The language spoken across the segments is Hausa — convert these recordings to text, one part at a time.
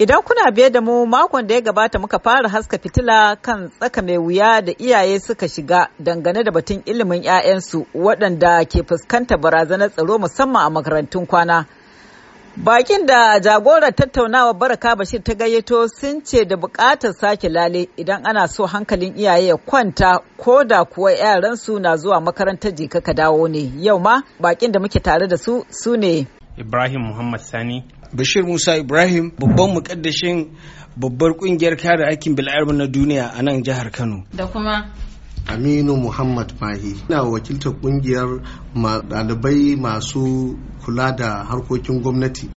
Idan kuna biye da mu makon da ya gabata muka fara haska fitila kan tsaka mai wuya da iyaye suka shiga dangane da batun ilimin 'ya'yansu waɗanda ke fuskanta barazanar tsaro musamman a makarantun kwana. Bakin da jagorar tattaunawa baraka bashir ta gayyato sun ce da buƙatar sake lale idan ana so hankalin iyaye ya kwanta ko da kuwa yaransu na zuwa makarantar jika ka dawo ne. Yau ma bakin da muke tare da su su ne Ibrahim Muhammad Sani bashir musa ibrahim babban mukaddashin babbar kungiyar kare aikin bil'adama na duniya a nan jihar kano da kuma aminu muhammad mahi ina wakiltar kungiyar ɗalibai masu kula da harkokin gwamnati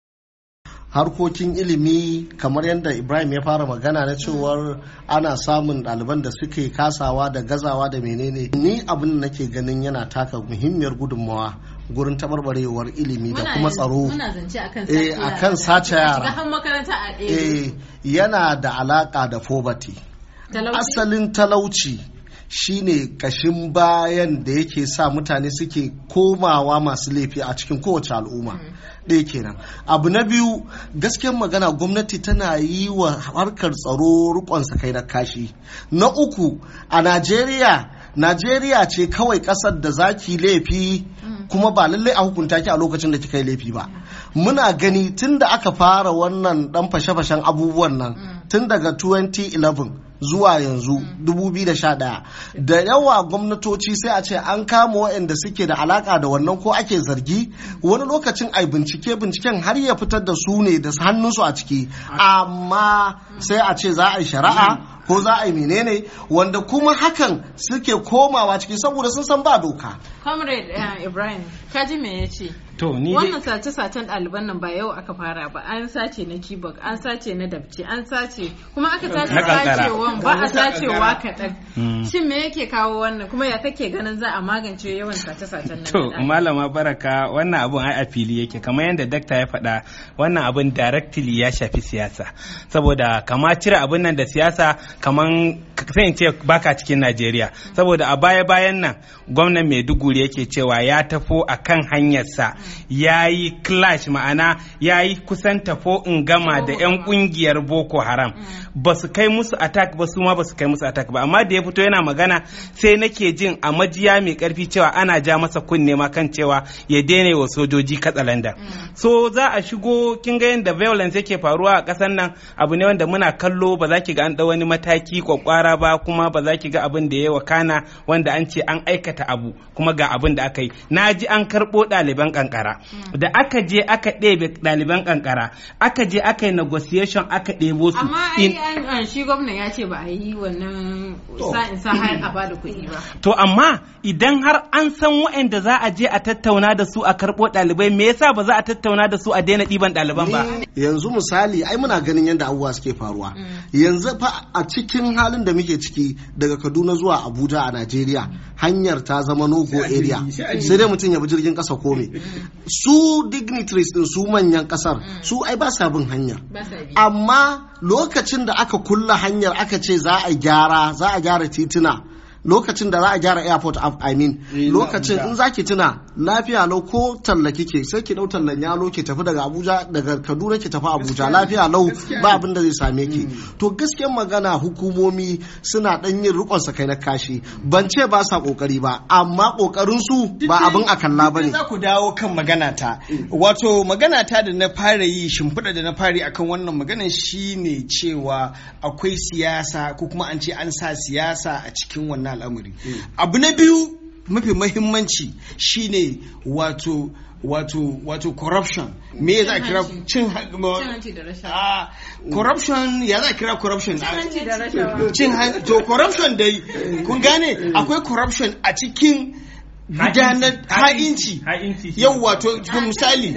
harkokin ilimi kamar yadda ibrahim ya fara magana na cewar ana samun ɗaliban da suke kasawa da gazawa da menene ni abin nake ganin yana taka muhimmiyar gudunmawa gurin tabarbarewar ilimi da kuma tsaro a kan eh, sace yara eh. Eh, yana da alaƙa da poverty asalin talauci shine kashin bayan da yake sa mutane suke komawa masu laifi a cikin kowace al'umma mm. ɗaya kenan abu na biyu gaskiyar magana gwamnati tana yi wa harkar tsaro rikon kai na kashi na uku a najeriya najeriya ce kawai ƙasar da zaki laifi mm. kuma ba lallai a hukunta ki a lokacin da kika yi laifi ba muna gani tun da aka fara wannan dan fashe-fashen abubuwan nan tun daga 2011 zuwa yanzu 2011 da yawa gwamnatoci sai a ce an kama waɗanda suke da alaka da wannan ko ake zargi wani lokacin ai bincike binciken har ya fitar da su ne da hannunsu a ciki amma sai a ce za a yi shari'a ko za a yi menene wanda kuma hakan suke komawa cikin saboda sun san ba doka comrade eh, ibrahim kaji me ya ce to ni wannan sace sacen ɗaliban nan ba yau aka fara ba an sace na kibok an sace na dabci an sace kuma aka sace sacewan ba a sacewa kaɗan mm. shin me yake kawo wannan kuma ya kake ganin za a magance yawan sace sacen nan to malama baraka wannan abun ai a fili yake kamar yadda dakta ya faɗa wannan abun directly ya shafi siyasa saboda kama cire abun nan da siyasa kaman kafin ce baka cikin Najeriya saboda a baya bayan nan gwamnan Maiduguri yake cewa ya tafo a kan hanyarsa ya yi clash ma'ana ya yi kusan tafo in gama da 'yan kungiyar Boko Haram ba su kai musu attack ba su ma ba su kai musu attack ba amma da ya fito yana magana sai nake jin a majiya mai karfi cewa ana ja masa kunne ma kan cewa ya daina wa sojoji katsalanda so za a shigo kin ga yadda violence yake faruwa a kasan nan abu ne wanda muna kallo ba za ki ga an da wani mataki kwakwara ba kuma ba za ki ga abin da ya wakana wanda an ce an aikata abu kuma ga abin da aka yi na ji an karɓo ɗaliban kankara hmm. da aka je aka ɗebe ɗaliban kankara aka je aka yi negotiation aka ɗebo su amma shi gwamnan ya ce ba a yi wannan sa'in sa har a bada kuɗi ba to amma idan har an san waɗanda za a je a tattauna da su a karɓo ɗalibai me yasa ba za a tattauna da su a daina ɗiban ɗaliban ba yanzu misali ai muna ganin yadda abubuwa suke faruwa hmm. yanzu fa a cikin halin da muke ciki daga kaduna zuwa abuja a najeriya hanyar ta zama nogo area sai dai mutum ya bi jirgin kasa kome su dignitaries din su manyan kasar mm. su ai ba sa bin hanyar amma lokacin da aka kulla hanyar aka ce za a gyara za a gyara tituna lokacin da za a gyara airport um, i mean eh, lokacin in zaki tuna lafiya lau ko tallaki kike sai ki dau tallan yalo ki tafi daga abuja daga kaduna ki tafi abuja lafiya lau ba abin da zai same ki hmm. to gaskiyar magana hukumomi suna dan yin rikon sakai na kashi ban ce ba sa kokari ba amma kokarin su ba abin a kalla bane za ku dawo kan magana ta hmm. wato magana ta da na fara yi shimfiɗa da na fari akan wannan maganar shine cewa akwai siyasa ko kuma an ce an sa siyasa a cikin wannan al'amari abu na biyu mafi mahimmanci shine wato wato wato corruption me ya za a kira cin hanci da rashawa corruption ya za a kira corruption cin hanci da rashawa cin to corruption dai kun gane akwai corruption a cikin gudanar ha'inci yau wato misali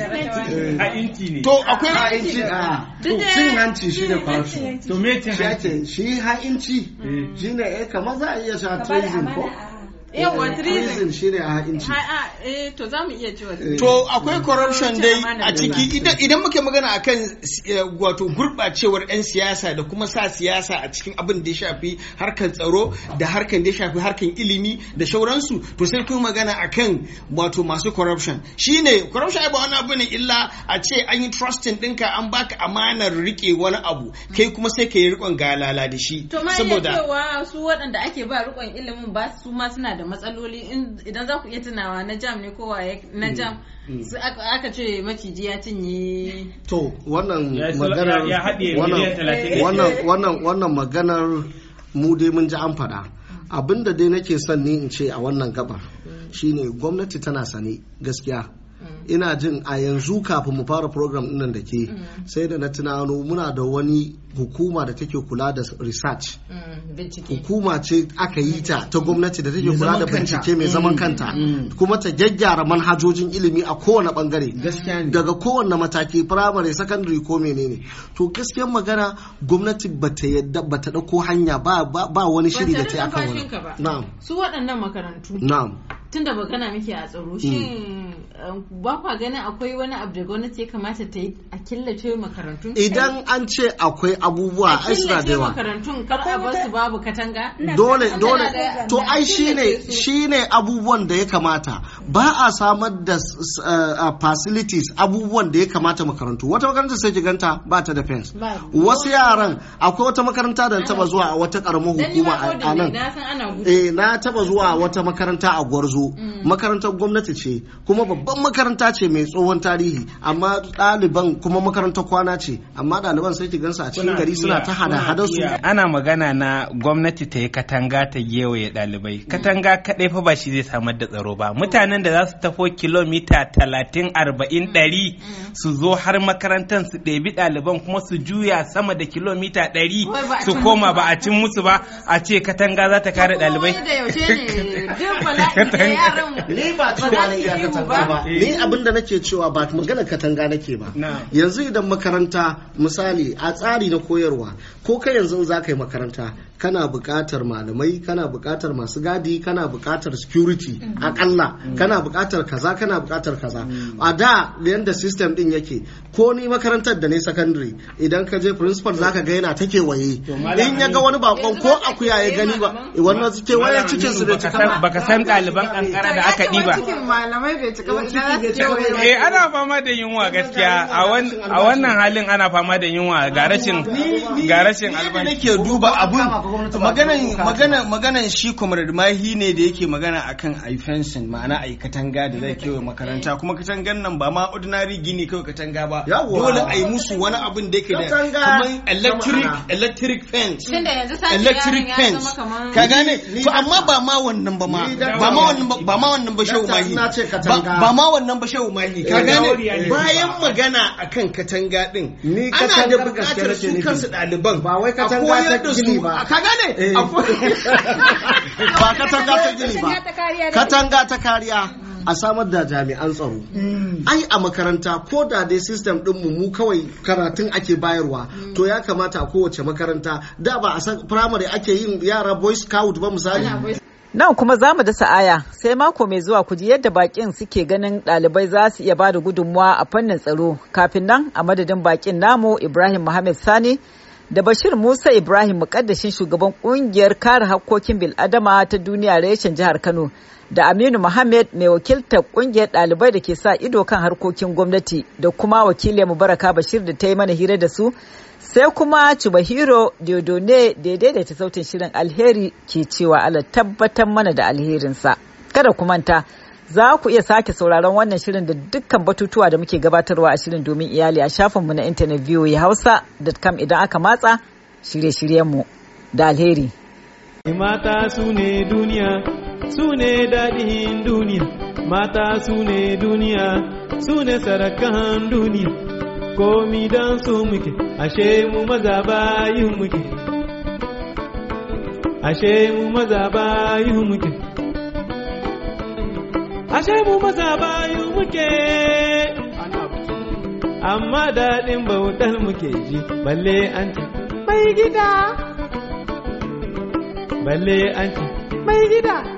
to akwai ha'inci ah. to cin hanci shi da farashin to me cin hanci shi ha'inci eh. shi ne eh, kamar za a iya sa treason ko yawa shi ne a ha'inci eh, to za mu iya cewa eh. to akwai corruption dai a ciki idan muke magana akan eh, wato gurbacewar yan siyasa da kuma sa siyasa a cikin abin da ya shafi harkar tsaro da harkar da ya shafi harkar ilimi da shauransu to sai kuma magana akan wato masu corruption shine corruption ai ba wani abu ne illa a ce an yi trusting dinka an baka amanar rike wani abu kai kuma sai ka yi rikon galala da shi saboda to ma su waɗanda ake ba rikon ilimin ba su ma suna da matsaloli idan za ku iya tunawa na jam ne kowa na jam mm. mm. Su aka ce maciji ya cinye to wannan maganar mu dai mun ji an faɗa abinda dai nake son ni in ce a wannan gabar shine gwamnati tana sane gaskiya Mm. ina jin a yanzu kafin mu fara program nan da ke mm. sai da na tunano muna da wani hukuma da take kula da research mm, hukuma ce aka yi ta ta gwamnati da take kula da bincike mai zaman kanta kuma ta gyaggyara manhajojin ilimi a kowane bangare daga kowane mataki primary secondary ko menene to gaskiyar magana gwamnati bata yadda ta dauko hanya ba wani shiri da ta yi akan wani su waɗannan makarantu na'am tunda magana muke a tsaro hmm. shin eh, ba kwa ganin akwai wani abu da gwamnati ya kamata ta yi a killace makarantun idan an ce akwai abubuwa ai suna da yawa makarantun kar a bar su babu katanga dole dole to ai shine shine abubuwan da ya kamata ba a samar da eh, facilities abubuwan da ya kamata makarantu wata makaranta sai giganta ba ta da fence wasu yaran akwai wata makaranta da taba zuwa a wata karamar hukuma a nan eh na taba zuwa wata makaranta a gwarzo zo mm. makarantar gwamnati ce kuma babban makaranta ce mai tsohon tarihi amma ɗaliban kuma makarantar kwana ce amma ɗaliban sai ki gansu a cikin gari suna ta hada hada su ana magana na gwamnati ta yi katanga ta gewaye ɗalibai mm. katanga kaɗai fa ba shi zai samar da tsaro ba mutanen da za su tafo kilomita talatin arba'in mm. ɗari su zo har makarantar su ɗebi ɗaliban kuma su juya sama da kilomita ɗari su koma ba a cin musu ba a ce katanga za ta kare ɗalibai ni ne eh. abin da nake cewa ba magana katanga nake ba yanzu idan makaranta misali a tsari na koyarwa ko ka yanzu za ka yi makaranta kana buƙatar malamai kana buƙatar masu gadi kana buƙatar security akalla kana buƙatar kaza kana buƙatar kaza a da yadda system din yake ko ni makarantar da ne secondary idan ka je principal zaka ga yana ta kewaye in ya ga wani bakon ko akuya ya gani ba wannan su kewaye cikin su bai cika ba ka san ɗaliban kankara da aka ɗiba ba eh ana fama da yunwa gaskiya a wannan halin ana fama da yunwa ga rashin ga rashin albashi nake duba abun maganan maganan shi comrade mahi ne da yake magana akan ai fencing ma'ana ai katanga da zai kewa makaranta eh. kuma katangan nan ba ma ordinary gini kawai katanga ba dole ai musu wani abin da yake da kamar electric electric fence electric fence ka gane to amma ba ma wannan ba ma ba ma wannan ba ma wannan ba shehu mahi ba ma wannan ba shehu mahi ka eh, gane bayan magana akan katanga din ana da bukatar su kansu ɗaliban a ta da su ka gane eh. ba katanga ta gini ba katanga ta kariya a samar da jami'an tsaro hmm. ai a makaranta ko da dai system din mu kawai karatun ake bayarwa hmm. to ya kamata a kowace makaranta da ba a san primary ake yin yara boy scout ba misali Nan kuma za mu dasa aya, sai mako mai zuwa ku ji yadda bakin suke ganin ɗalibai za su iya ba da gudunmuwa a fannin tsaro kafin nan a madadin bakin namu Ibrahim Muhammad Sani da Bashir Musa Ibrahim mukaddashin shugaban ƙungiyar kare hakkokin bil'adama ta duniya reshen jihar Kano da Aminu Muhammad mai wakiltar ƙungiyar ɗalibai da ke sa ido kan harkokin gwamnati da kuma mu Mubaraka Bashir da ta yi mana hira da su sai kuma Chubahiro Diodone da ta sautin shirin alheri ke cewa Allah tabbatar mana da alherinsa. Kada ku manta Za ku iya sake sauraron wannan shirin da dukkan batutuwa da muke gabatarwa a shirin domin iyali a shafinmu na intanet hausa da kam idan aka matsa shirye-shiryenmu da alheri. Mata su ne duniya, su ne daɗin duniya, mata su ne duniya, su ne sarakan duniya, komi don su muke, ashe mu maza bayin muke, ashe mu maza bayin muke. ashe mu maza bayu muke amma daɗin bautar muke ji balle an ce mai gida balle an ce mai gida